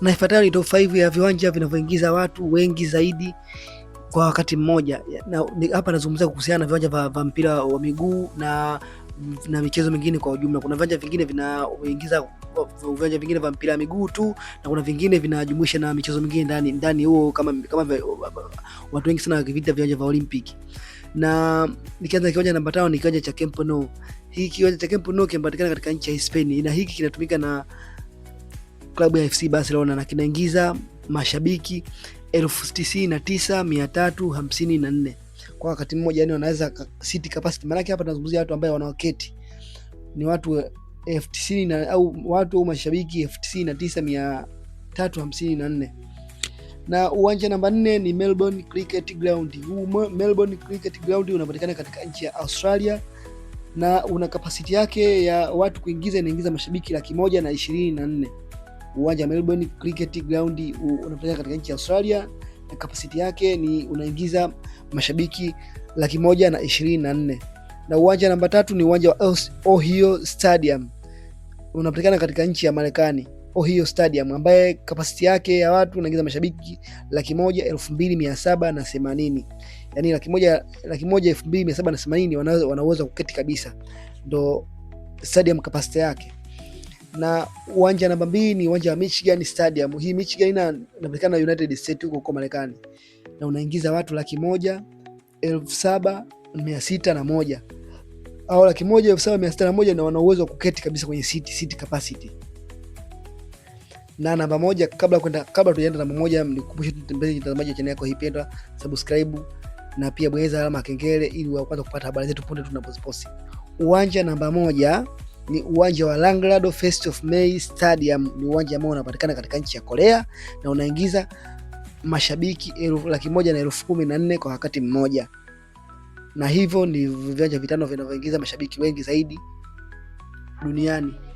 na ifuatayo ni top 5 ya viwanja vinavyoingiza watu wengi zaidi kwa wakati mmoja. Na hapa nazungumzia kuhusiana na viwanja vya mpira wa miguu na na michezo mingine kwa ujumla. Kuna viwanja vingine vinaingiza viwanja vingine vya mpira wa miguu tu, na kuna vingine vinajumuisha na michezo mingine ndani ndani huo, kama kama watu wengi sana wakivita viwanja vya Olimpiki. Na nikianza kiwanja namba tano ni kiwanja cha Camp Nou. Hiki kiwanja cha Camp Nou kinapatikana katika nchi ya Hispania, na hiki kinatumika na klabu ya FC Barcelona na kinaingiza mashabiki elfu tisini na tisa mia tatu hamsini na nne kwa wakati mmoja, yani wanaweza city capacity. Maana hapa tunazungumzia watu ambao wanaoketi ni watu elfu tisini na au watu au mashabiki elfu tisini na tisa mia tatu hamsini na nne na uwanja namba nne ni Melbourne Cricket Ground. Huu Melbourne Cricket Ground unapatikana katika nchi ya Australia na una kapasiti yake ya watu kuingiza inaingiza mashabiki laki moja na ishirini na nne uwanja wa Melbourne Cricket Ground unafanyika katika nchi ya Australia na kapasiti yake ni unaingiza mashabiki laki moja na ishirini na nne na uwanja namba tatu ni uwanja wa Ohio Stadium unapatikana katika nchi ya Marekani, Ohio Stadium ambaye kapasiti yake ya watu unaingiza mashabiki laki moja elfu mbili mia saba na themanini yani laki moja laki moja elfu mbili mia saba na themanini wanaweza kuketi kabisa, ndo stadium kapasiti yake na uwanja namba mbili ni uwanja wa Michigan Stadium. Hii Michigan ina inapatikana United States huko huko Marekani, na unaingiza watu laki moja elfu saba mia sita na moja au laki moja elfu saba mia sita na moja na wana uwezo wa kuketi kabisa kwenye seat, seat capacity. Na namba moja, kabla kwenda kabla tujaenda namba moja, mnikumbushe tu tembeleni mtazamaji wa channel yako hii, pendwa subscribe na pia bonyeza alama kengele ili uanze kupata habari zetu punde tunapoziposti. Uwanja namba moja ni uwanja wa Langrado First of May Stadium. Ni uwanja ambao unapatikana katika nchi ya Korea na unaingiza mashabiki laki moja na elfu kumi na nne kwa wakati mmoja, na hivyo ni viwanja vitano vinavyoingiza mashabiki wengi zaidi duniani.